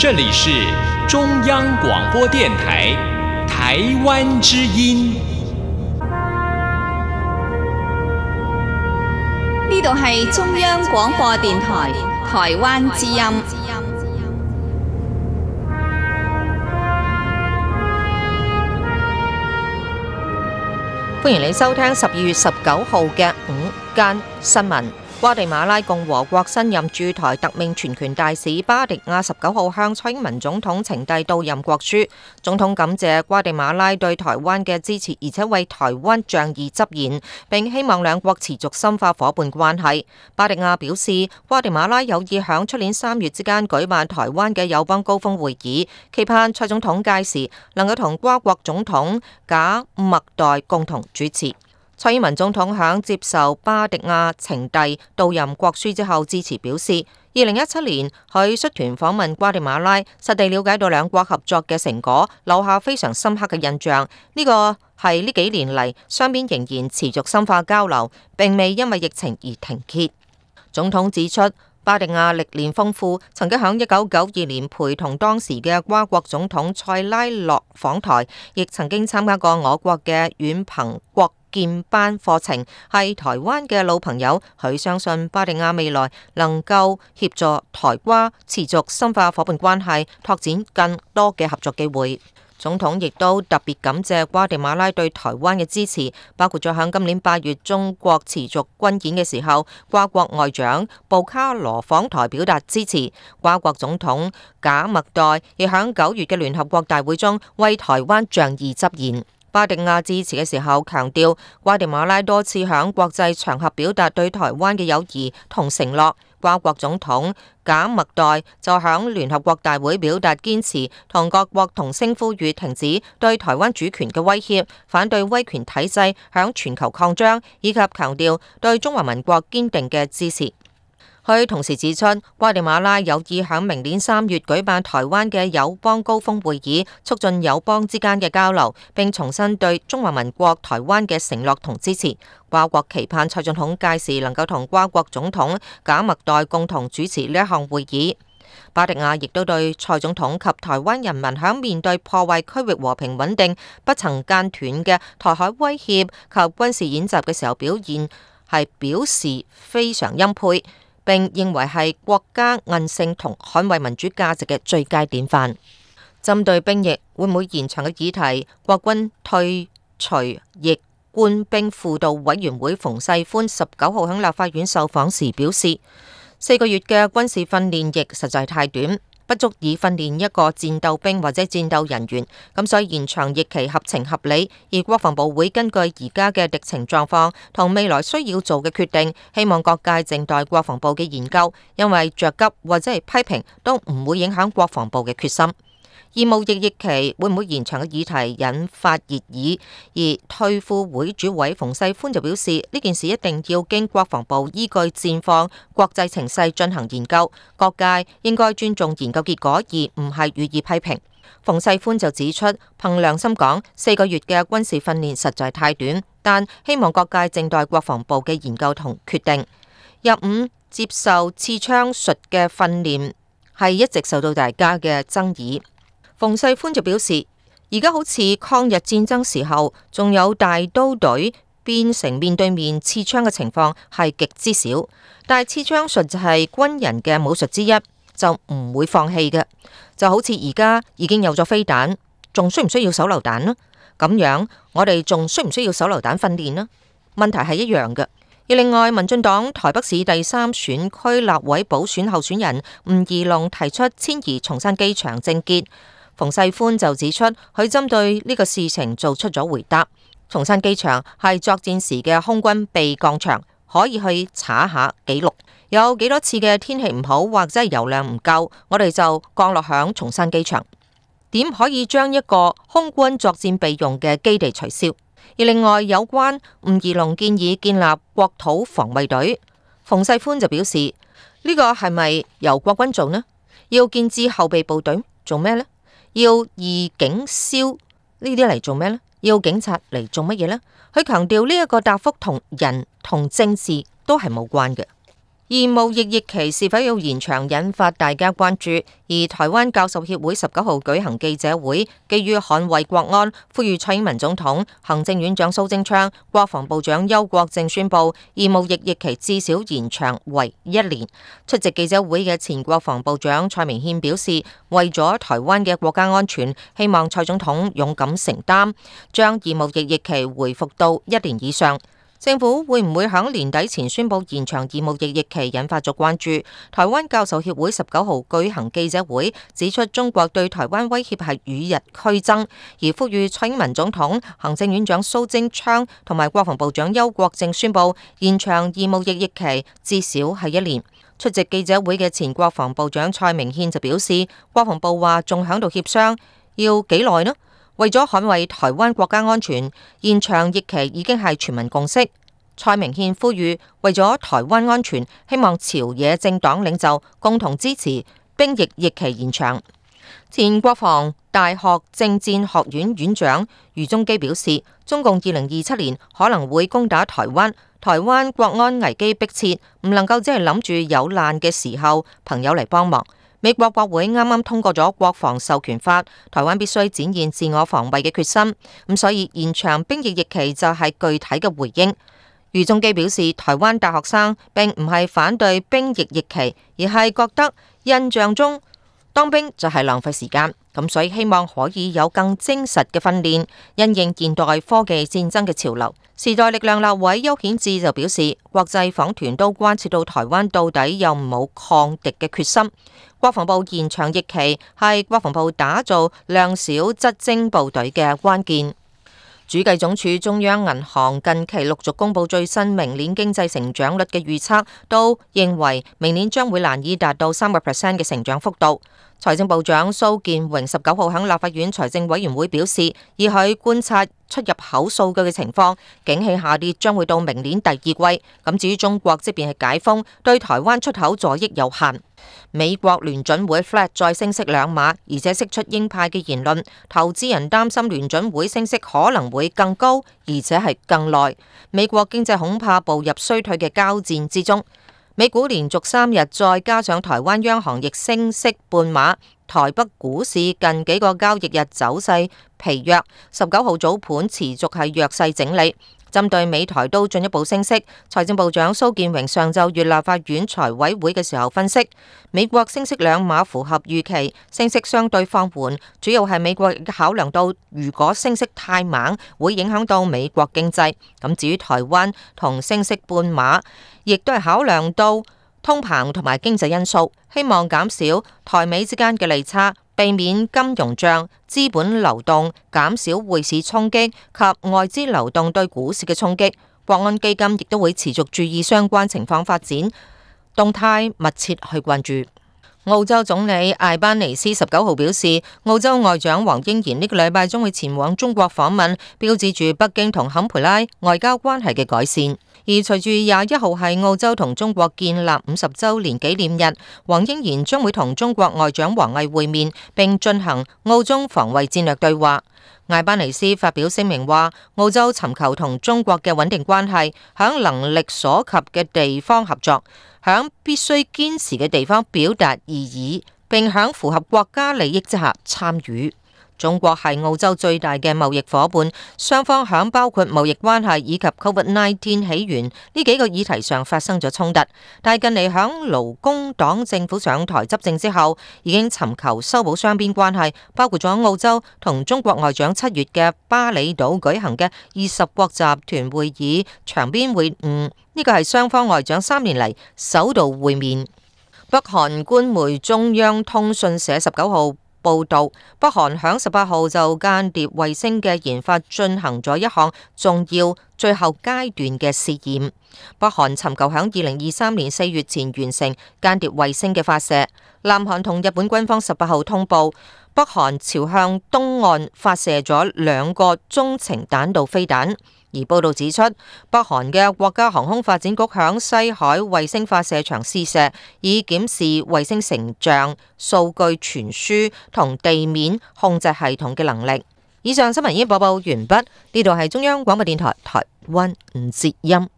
這裏是中央廣播電台台灣之音，呢度係中央廣播電台台灣之音。歡迎你收聽十二月十九號嘅午間新聞。瓜地馬拉共和國新任駐台特命全權大使巴迪亞十九號向蔡英文總統呈遞到任國書，總統感謝瓜地馬拉對台灣嘅支持，而且為台灣仗義執言，並希望兩國持續深化伙伴關係。巴迪亞表示，瓜地馬拉有意喺出年三月之間舉辦台灣嘅友邦高峰會議，期盼蔡總統屆時能夠同瓜國總統賈麥代共同主持。蔡英文總統響接受巴迪亞呈遞到任國書之後致辭，表示二零一七年佢率團訪問瓜地馬拉，實地了解到兩國合作嘅成果，留下非常深刻嘅印象。呢個係呢幾年嚟雙邊仍然持續深化交流，並未因為疫情而停歇。總統指出，巴迪亞歷練豐富，曾經響一九九二年陪同當時嘅瓜國總統塞拉諾訪台，亦曾經參加過我國嘅遠朋國建班課程係台灣嘅老朋友，佢相信巴迪亞未來能夠協助台瓜持續深化夥伴關係，拓展更多嘅合作機會。總統亦都特別感謝瓜地馬拉對台灣嘅支持，包括咗響今年八月中國持續軍演嘅時候，瓜國外長布卡羅訪台表達支持。瓜國總統賈麥代亦響九月嘅聯合國大會中為台灣仗義執言。巴迪亞支持嘅時候，強調瓜地馬拉多次響國際場合表達對台灣嘅友誼同承諾。瓜國總統賈麥代就響聯合國大會表達堅持，同各國同聲呼籲停止對台灣主權嘅威脅，反對威權體制響全球擴張，以及強調對中華民國堅定嘅支持。佢同時指出，瓜地馬拉有意響明年三月舉辦台灣嘅友邦高峰會議，促進友邦之間嘅交流，並重新對中華民國台灣嘅承諾同支持。瓜國期盼蔡總統屆時能夠同瓜國總統賈麥代共同主持呢一項會議。巴迪亞亦都對蔡總統及台灣人民響面對破壞區域和平穩定、不曾間斷嘅台海威脅及軍事演習嘅時候表現係表示非常欽佩。並認為係國家韌性同捍衛民主價值嘅最佳典範。針對兵役會唔會延長嘅議題，國軍退除役官兵輔導委員會馮世寬十九號喺立法院受訪時表示，四個月嘅軍事訓練役實在太短。不足以訓練一個戰鬥兵或者戰鬥人員，咁所以延長役期合情合理。而國防部會根據而家嘅敵情狀況同未來需要做嘅決定，希望各界靜待國防部嘅研究。因為着急或者係批評都唔會影響國防部嘅決心。而兵役役期會唔會延長嘅議題引發熱議，而退輔會主委馮世寬就表示，呢件事一定要經國防部依據戰況、國際情勢進行研究，各界應該尊重研究結果，而唔係予以批評。馮世寬就指出，憑良心講四個月嘅軍事訓練實在太短，但希望各界靜待國防部嘅研究同決定。入伍接受刺槍術嘅訓練，係一直受到大家嘅爭議。馮世寬就表示，而家好似抗日戰爭時候，仲有大刀隊變成面對面刺槍嘅情況係極之少，但係刺槍術就係軍人嘅武術之一，就唔會放棄嘅。就好似而家已經有咗飛彈，仲需唔需要手榴彈呢？咁樣我哋仲需唔需要手榴彈訓練呢？問題係一樣嘅。而另外，民進黨台北市第三選區立委補選候選人吳怡農提出遷移松山機場政見。馮世寬就指出，佢針對呢個事情做出咗回答。松山機場係作戰時嘅空軍備降場，可以去查下記錄，有幾多次嘅天氣唔好或者係油量唔夠，我哋就降落響松山機場。點可以將一個空軍作戰備用嘅基地取消？而另外，有關吳怡農建議建立國土防衛隊，馮世寬就表示，呢個係咪由國軍做呢？要建置後備部隊做咩呢？要二警消呢啲嚟做咩咧？要警察嚟做乜嘢咧？佢強調呢一個答覆同人同政治都係冇關嘅。義務役役期是否要延長，引發大家關注。而台灣教授協會十九號舉行記者會，基於捍衛國安，呼籲蔡英文總統、行政院長蘇貞昌、國防部長邱國正宣布，義務役役期至少延長為一年。出席記者會嘅前國防部長蔡明憲表示，為咗台灣嘅國家安全，希望蔡總統勇敢承擔，將義務役役期回復到一年以上。政府會唔會喺年底前宣布延長義務役役期，引發咗關注。台灣教授協會十九號舉行記者會，指出中國對台灣威脅係與日俱增，而呼籲蔡英文總統、行政院長蘇貞昌同埋國防部長邱國正宣布延長義務役役期至少係一年。出席記者會嘅前國防部長蔡明憲就表示，國防部話仲喺度協商，要幾耐呢？為咗捍衛台灣國家安全，延長役期已經係全民共識。蔡明憲呼籲，為咗台灣安全，希望朝野政黨領袖共同支持兵役役期延長。前國防大學政戰學院院長余宗基表示，中共二零二七年可能會攻打台灣，台灣國安危機迫切，唔能夠只係諗住有難嘅時候朋友嚟幫忙。美國國會啱啱通過咗國防授權法，台灣必須展現自我防衛嘅決心。咁所以延長兵役役期就係具體嘅回應。余仲基表示，台灣大學生並唔係反對兵役役期，而係覺得印象中當兵就係浪費時間。咁所以希望可以有更精實嘅訓練，因應現代科技戰爭嘅潮流。時代力量立委邱顯智就表示，國際訪團都關切到台灣到底有冇抗敵嘅決心。國防部延長役期係國防部打造量少質精部隊嘅關鍵。主計總處、中央銀行近期陸續公布最新明年經濟成長率嘅預測，都認為明年將會難以達到三個 percent 嘅成長幅度。財政部長蘇建榮十九號喺立法院財政委員會表示，以佢觀察出入口數據嘅情況，景氣下跌將會到明年第二季。咁至於中國即便邊係解封，對台灣出口助益有限。美國聯準會 flat 再升息兩碼，而且釋出鷹派嘅言論，投資人擔心聯準會升息可能會更高，而且係更耐。美國經濟恐怕步入衰退嘅交戰之中。美股連續三日再，再加上台灣央行亦升息半碼，台北股市近幾個交易日走勢疲弱，十九號早盤持續係弱勢整理。針對美台都進一步升息，財政部長蘇建榮上晝月立法院財委會嘅時候分析，美國升息兩碼符合預期，升息相對放緩，主要係美國考量到如果升息太猛會影響到美國經濟。咁至於台灣同升息半碼，亦都係考量到通膨同埋經濟因素，希望減少台美之間嘅利差。避免金融賬資本流動減少匯市衝擊及外資流動對股市嘅衝擊，國安基金亦都會持續注意相關情況發展，動態密切去關注。澳洲總理艾班尼斯十九號表示，澳洲外長黃英賢呢個禮拜將會前往中國訪問，標誌住北京同坎培拉外交關係嘅改善。而隨住廿一號係澳洲同中國建立五十週年紀念日，黃英賢將會同中國外長王毅會面，並進行澳中防衛戰略對話。艾班尼斯發表聲明話：澳洲尋求同中國嘅穩定關係，響能力所及嘅地方合作，響必須堅持嘅地方表達異議，並響符合國家利益之下參與。中國係澳洲最大嘅貿易夥伴，雙方響包括貿易關係以及 Covid-19 起源呢幾個議題上發生咗衝突。但係近嚟響勞工黨政府上台執政之後，已經尋求修補雙邊關係，包括咗澳洲同中國外長七月嘅巴厘島舉行嘅二十國集團會議場邊會晤。呢個係雙方外長三年嚟首度會面。北韓官媒中央通訊社十九號。報道，北韓響十八號就間諜衛星嘅研發進行咗一項重要最後階段嘅試驗。北韓尋求響二零二三年四月前完成間諜衛星嘅發射。南韓同日本軍方十八號通報。北韓朝向東岸發射咗兩個中程彈道飛彈，而報道指出，北韓嘅國家航空發展局響西海衛星發射場試射，以檢視衛星成像、數據傳輸同地面控制系統嘅能力。以上新聞已經播報完畢，呢度係中央廣播電台台灣吳哲音。